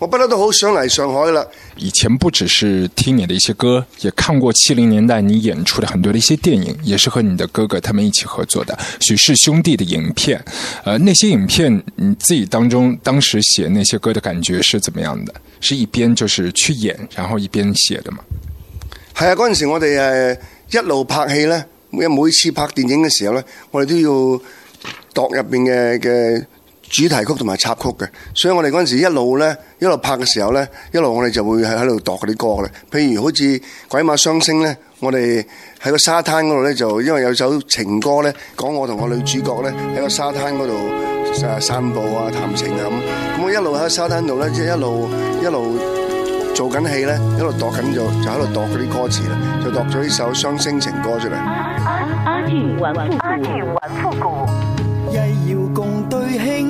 我不嬲都好想嚟上海啦！以前不只是聽你的一些歌，也看過七零年代你演出的很多的一些電影，也是和你的哥哥他們一起合作的許氏兄弟的影片。呃，那些影片你自己當中當時寫那些歌的感覺是怎麼樣的？是一邊就是去演，然後一邊寫的嘛？係啊，嗰陣時我哋誒、呃、一路拍戲呢，每每一次拍電影嘅時候呢，我哋都要度入邊嘅嘅。主題曲同埋插曲嘅，所以我哋嗰陣時一路咧，一路拍嘅時候咧，一路我哋就會喺喺度度嗰啲歌咧。譬如好似鬼馬雙星咧，我哋喺個沙灘嗰度咧，就因為有首情歌咧，講我同我女主角咧喺個沙灘嗰度誒散步啊、談情啊咁。咁我一路喺沙灘度咧，即係一路一路做緊戲咧，一路度緊就就喺度度嗰啲歌詞啦，就度咗呢首雙星情歌出嚟。阿阿俊玩復古，阿俊玩復古，曳搖共對輕。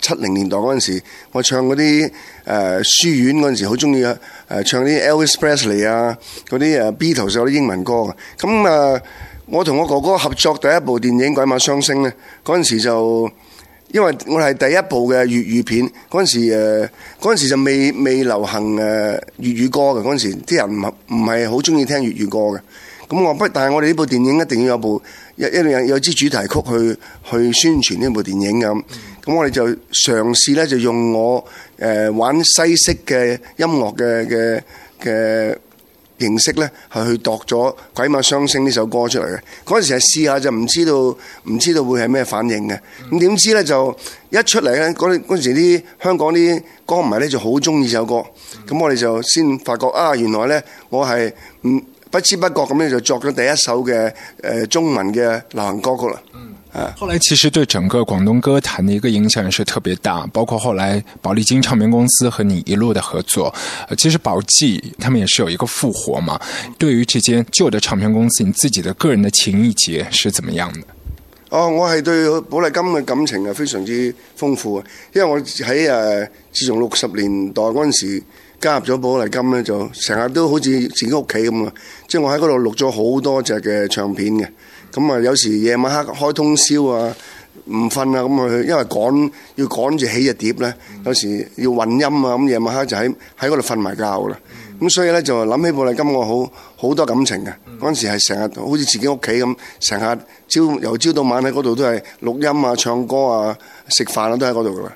七零年代嗰陣時，我唱嗰啲誒書院嗰陣時，好中意誒唱啲 Elvis Presley 啊，嗰啲誒 Beatles 嗰啲英文歌嘅。咁啊、呃，我同我哥哥合作第一部電影《鬼馬雙星》咧，嗰陣時就因為我係第一部嘅粵語片，嗰陣時誒，嗰陣時就未未流行誒粵語歌嘅，嗰陣時啲人唔唔係好中意聽粵語歌嘅。咁我話不但係我哋呢部電影一定要有一部，有有一一定要有有支主題曲去去宣傳呢部電影咁。嗯。咁我哋就嘗試咧，就用我誒、呃、玩西式嘅音樂嘅嘅嘅形式咧，係去度咗《鬼馬雙星》呢首歌出嚟嘅。嗰陣時係試下就唔知道，唔知道會係咩反應嘅。咁點知咧就一出嚟咧，嗰嗰陣時啲香港啲歌迷咧就好中意呢首歌。咁我哋就先發覺啊，原來咧我係唔不知不覺咁咧就作咗第一首嘅誒、呃、中文嘅流行歌曲啦。誒，後來其實對整個廣東歌壇的一個影響是特別大，包括後來寶麗金唱片公司和你一路的合作，其實寶記他們也是有一個復活嘛。對於這間舊的唱片公司，你自己的個人的情意結是怎麼樣的？哦，我係對寶麗金嘅感情啊非常之豐富啊，因為我喺誒自從六十年代嗰陣時加入咗寶麗金呢就成日都好似自己屋企咁啊，即係我喺嗰度錄咗好多隻嘅唱片嘅。咁啊，有時夜晚黑開通宵啊，唔瞓啊，咁佢因為趕要趕住起隻碟咧，mm-hmm. 有時要混音啊，咁夜晚黑就喺喺嗰度瞓埋覺啦。咁、mm-hmm. 所以咧就諗起寶麗金，我好好多感情㗎。嗰陣時係成日好似自己屋企咁，成日朝由朝到晚喺嗰度都係錄音啊、唱歌啊、食飯啊，都喺嗰度啦。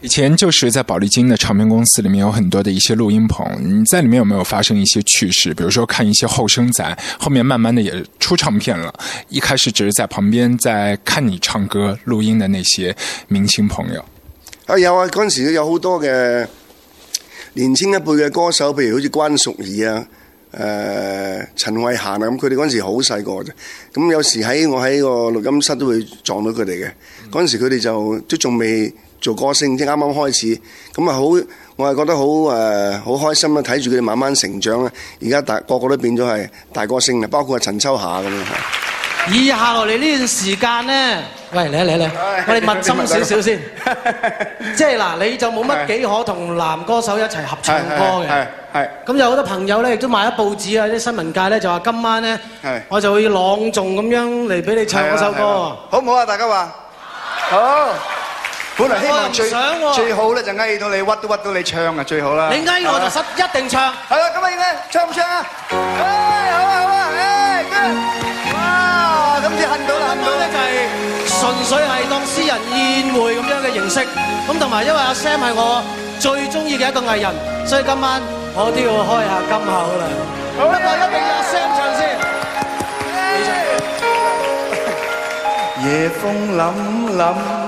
以前就是在寶麗金的唱片公司裏面有很多的一些錄音棚，你在裏面有沒有發生一些趣事？比如說看一些後生仔後面慢慢的也出唱片了，一開始只是在旁邊在看你唱歌錄音的那些明星朋友啊，有啊，嗰陣時有好多嘅年輕一輩嘅歌手，譬如好似關淑怡啊、誒、呃、陳慧嫻啊，咁佢哋嗰陣時好細個啫，咁有時喺我喺個錄音室都會撞到佢哋嘅，嗰陣時佢哋就都仲未做歌星即啱啱開始，咁啊好，我係覺得好誒，好開心啊！睇住佢哋慢慢成長啊！而家大個個都變咗係大歌星啊，包括阿陳秋霞咁樣。以下落嚟呢段時間咧，喂嚟嚟嚟，我哋密針少少先，即係嗱，你就冇乜幾可同男歌手一齊合唱歌嘅。係係。咁有好多朋友咧，亦都買咗報紙啊，啲新聞界咧就話今晚咧，我就會朗誦咁樣嚟俾你唱嗰首歌，好唔好啊？大家話好。本嚟希望最最好咧就挨到你屈都屈到你唱啊最好啦！你挨我就一定唱。係啦，今晚咧唱唔唱啊？好啊好啊！誒，哇，今次恨到啦！今晚咧就係純粹係當私人宴會咁樣嘅形式。咁同埋因為阿 Sam 係我最中意嘅一個藝人，所以今晚我都要開下金口啦。好啊，一定阿 Sam 唱先。夜風凜凜。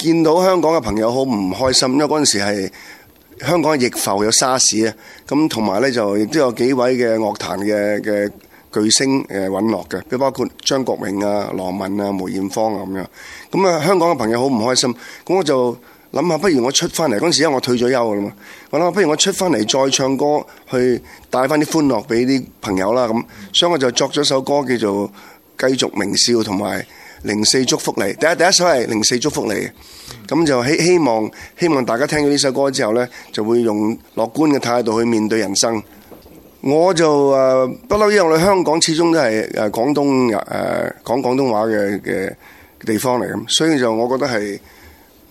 見到香港嘅朋友好唔開心，因為嗰陣時係香港嘅逆浮有沙士，啊，咁同埋咧就亦都有幾位嘅樂壇嘅嘅巨星誒隕落嘅，都包括張國榮啊、羅文啊、梅艷芳啊咁樣。咁啊，香港嘅朋友好唔開心。咁我就諗下，不如我出翻嚟嗰陣時，因為我退咗休噶啦嘛，我諗不如我出翻嚟再唱歌，去帶翻啲歡樂俾啲朋友啦咁。所以我就作咗首歌叫做《繼續明笑》同埋。零四祝福你，第一第一首係零四祝福你，咁就希希望希望大家聽到呢首歌之後呢，就會用樂觀嘅態度去面對人生。我就不嬲，因、呃、為我香港始終都係誒廣東誒、呃、講廣東話嘅嘅地方嚟咁，所以就我覺得係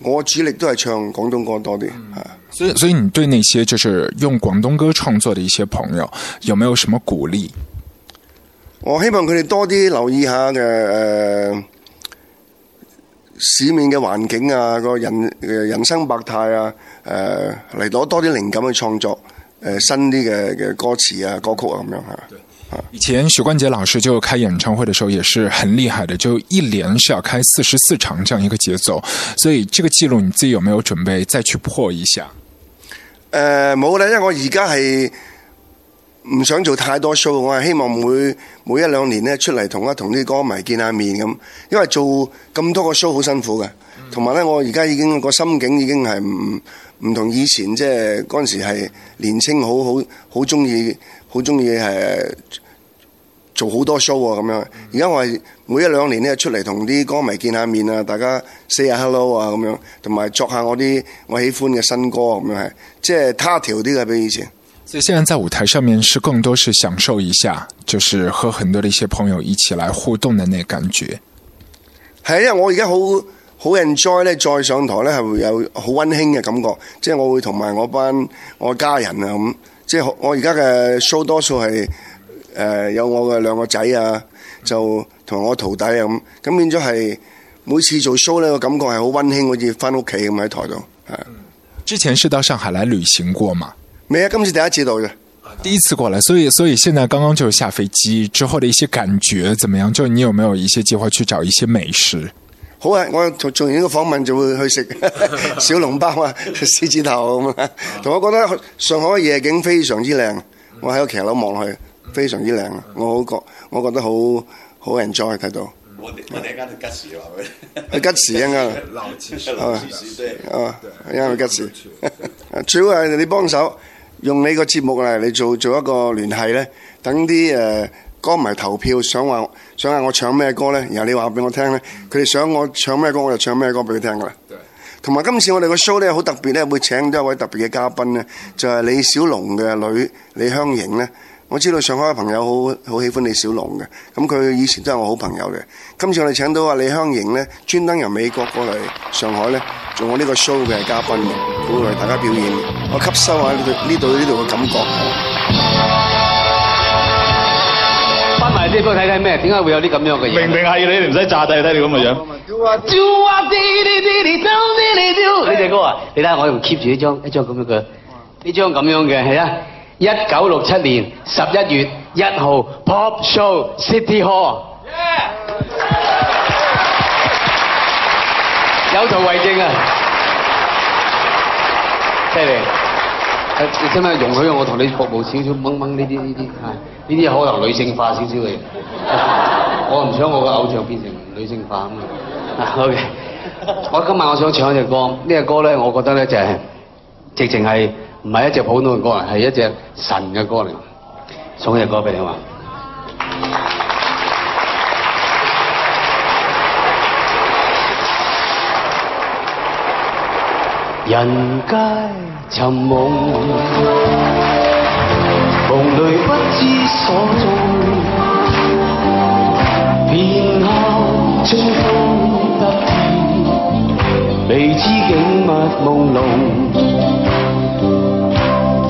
我主力都係唱廣東歌多啲嚇、嗯。所以所以你對那些就是用廣東歌創作的一些朋友，有沒有什麼鼓勵？我希望佢哋多啲留意下嘅誒。呃市面嘅環境啊，個人嘅人生百態啊，誒嚟攞多啲靈感去創作誒、呃、新啲嘅嘅歌詞啊，歌曲啊。咁樣吓。對。以前許冠傑老師就開演唱會嘅時候，也是很厲害嘅，就一連是要開四十四場這樣一個節奏，所以這個記錄你自己有沒有準備再去破一下？誒、呃，冇啦，因為我而家係。唔想做太多 show，我係希望每每一兩年咧出嚟同一同啲歌迷見下面咁，因為做咁多個 show 好辛苦嘅。同埋咧，我而家已經個心境已經係唔唔同以前，即係嗰陣時係年青，好好好中意好中意係做好多 show 啊咁樣。而家我係每一兩年咧出嚟同啲歌迷見下面啊，大家 say 下 hello 啊咁樣，同埋作下我啲我喜歡嘅新歌咁樣係即係他調啲嘅，比以前。所以現在在舞台上面是更多是享受一下，就是和很多的一些朋友一起來互動的那感覺。係因為，我而家好好 enjoy 咧，再上台咧係會有好溫馨嘅感覺。即係我會同埋我班我家人啊咁，即係我而家嘅 show 多數係誒有我嘅兩個仔啊，就同我徒弟啊咁，咁變咗係每次做 show 咧個感覺係好溫馨，好似翻屋企咁喺台度。係之前是到上海來旅行過嘛？未啊，今次第一次到嘅。第一次過嚟。所以所以現在剛剛就是下飛機之後的一些感覺怎麼樣？就你有沒有一些計劃去找一些美食？好啊，我做完呢個訪問就會去食小籠包啊、獅 子頭咁啊。同、 嗯、我覺得上海嘅夜景非常之靚，我喺個騎樓望落去非常之靚。我好覺，我覺得好好 enjoy 睇到，嗯嗯嗯。我我哋而家吉時話佢，吉時應該，嗯。啊，啊，因為吉時，主要係你幫手。用呢個節目嚟你做做一個聯繫呢，等啲誒歌迷投票想，想話想嗌我唱咩歌呢？然後你話俾我聽呢佢哋想我唱咩歌，我就唱咩歌俾佢聽噶啦。同埋今次我哋個 show 呢，好特別呢，會請咗一位特別嘅嘉賓呢就係、是、李小龍嘅女李香凝呢。我知道上海嘅朋友好好喜歡李小龍嘅，咁佢以前都係我好朋友嘅。今次我哋請到阿李香凝咧，專登由美國過嚟上海咧，做我呢個 show 嘅嘉賓嘅，會為大家表演。我吸收下呢度呢度呢度嘅感覺。翻埋啲歌睇睇咩？點解會有啲咁樣嘅嘢？明明係你唔使炸低睇你咁嘅樣。呢隻歌啊，你睇下我用 keep 住呢張，一張咁樣嘅，呢張咁樣嘅係啊。一九六七年十一月一號，Pop Show City Hall，有圖為證啊！犀利，啊，你使唔使容許我同你服務少少掹掹呢啲呢啲？係呢啲有可能女性化少少嚟，我唔想我嘅偶像變成女性化咁啊！OK，我今晚我想唱一隻歌，呢隻歌咧，我覺得咧就係直情係。唔係一隻普通嘅歌嚟，係一隻神嘅歌嚟。送隻歌俾你好嘛？人皆尋夢，夢裏不知所蹤。片刻春風得意，未知景物朦朧。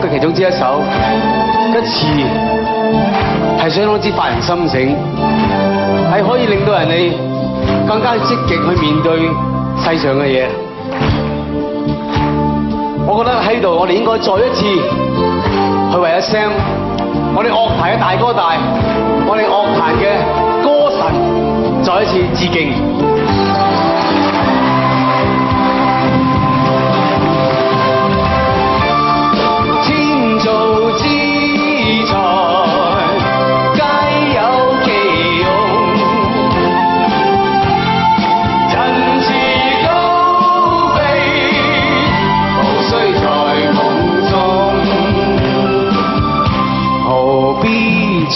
佢其中之一首嘅詞，係相當之發人心醒，係可以令到人哋更加積極去面對世上嘅嘢。我覺得喺度，我哋應該再一次去為阿 Sam，我哋樂壇嘅大哥大，我哋樂壇嘅歌神，再一次致敬。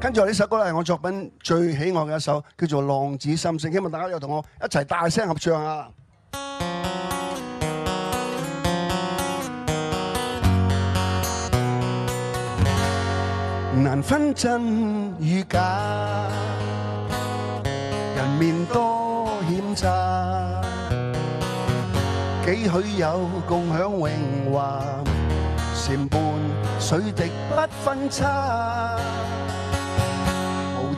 跟住呢首歌咧，係我作品最喜愛嘅一首，叫做《浪子心聲》，希望大家又同我一齊大聲合唱啊！難分真與假，人面多險詐，幾許有共享榮華？簷畔水滴不分差。